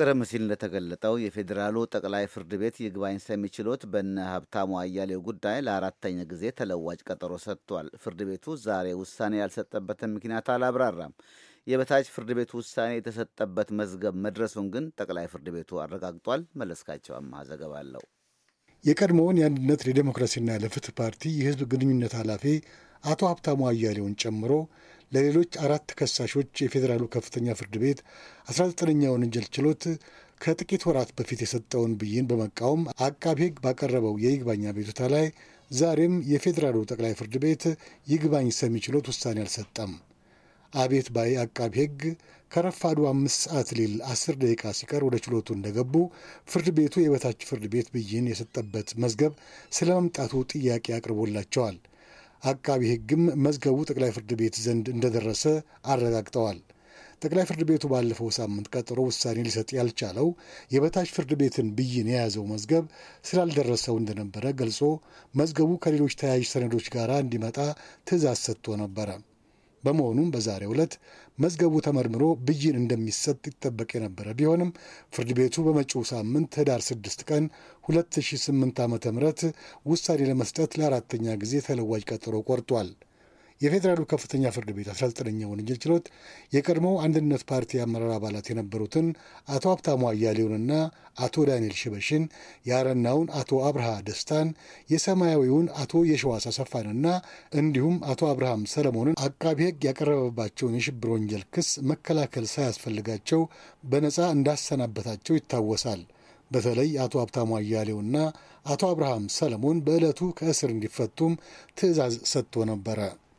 ቀደም ሲል እንደተገለጠው የፌዴራሉ ጠቅላይ ፍርድ ቤት ይግባኝ ሰሚ ችሎት በነ ሀብታሙ አያሌው ጉዳይ ለአራተኛ ጊዜ ተለዋጭ ቀጠሮ ሰጥቷል። ፍርድ ቤቱ ዛሬ ውሳኔ ያልሰጠበትን ምክንያት አላብራራም። የበታች ፍርድ ቤቱ ውሳኔ የተሰጠበት መዝገብ መድረሱን ግን ጠቅላይ ፍርድ ቤቱ አረጋግጧል። መለስካቸው አማሃ ዘገባ አለው። የቀድሞውን የአንድነት ለዴሞክራሲና ለፍትህ ፓርቲ የህዝብ ግንኙነት ኃላፊ አቶ ሀብታሙ አያሌውን ጨምሮ ለሌሎች አራት ከሳሾች የፌዴራሉ ከፍተኛ ፍርድ ቤት 19ኛ ወንጀል ችሎት ከጥቂት ወራት በፊት የሰጠውን ብይን በመቃወም አቃቢ ሕግ ባቀረበው የይግባኝ አቤቱታ ላይ ዛሬም የፌዴራሉ ጠቅላይ ፍርድ ቤት ይግባኝ ሰሚ ችሎት ውሳኔ አልሰጠም። አቤት ባይ አቃቢ ሕግ ከረፋዱ አምስት ሰዓት ሌል አስር ደቂቃ ሲቀር ወደ ችሎቱ እንደገቡ ፍርድ ቤቱ የበታች ፍርድ ቤት ብይን የሰጠበት መዝገብ ስለ መምጣቱ ጥያቄ አቅርቦላቸዋል። አቃቢ ሕግም መዝገቡ ጠቅላይ ፍርድ ቤት ዘንድ እንደደረሰ አረጋግጠዋል። ጠቅላይ ፍርድ ቤቱ ባለፈው ሳምንት ቀጥሮ ውሳኔ ሊሰጥ ያልቻለው የበታች ፍርድ ቤትን ብይን የያዘው መዝገብ ስላልደረሰው እንደነበረ ገልጾ መዝገቡ ከሌሎች ተያያዥ ሰነዶች ጋር እንዲመጣ ትእዛዝ ሰጥቶ ነበረ። በመሆኑም በዛሬው ዕለት መዝገቡ ተመርምሮ ብይን እንደሚሰጥ ይጠበቅ የነበረ ቢሆንም ፍርድ ቤቱ በመጪው ሳምንት ህዳር 6 ቀን 2008 ም ውሳኔ ለመስጠት ለአራተኛ ጊዜ ተለዋጅ ቀጠሮ ቆርጧል። የፌዴራሉ ከፍተኛ ፍርድ ቤት 19ኛ ወንጀል ችሎት የቀድሞው አንድነት ፓርቲ አመራር አባላት የነበሩትን አቶ ሀብታሙ አያሌውንና አቶ ዳንኤል ሽበሽን፣ የአረናውን አቶ አብርሃ ደስታን፣ የሰማያዊውን አቶ የሸዋስ አሰፋንና እንዲሁም አቶ አብርሃም ሰለሞንን አቃቢ ሕግ ያቀረበባቸውን የሽብር ወንጀል ክስ መከላከል ሳያስፈልጋቸው በነፃ እንዳሰናበታቸው ይታወሳል። በተለይ አቶ ሀብታሙ አያሌውና አቶ አብርሃም ሰለሞን በዕለቱ ከእስር እንዲፈቱም ትዕዛዝ ሰጥቶ ነበረ።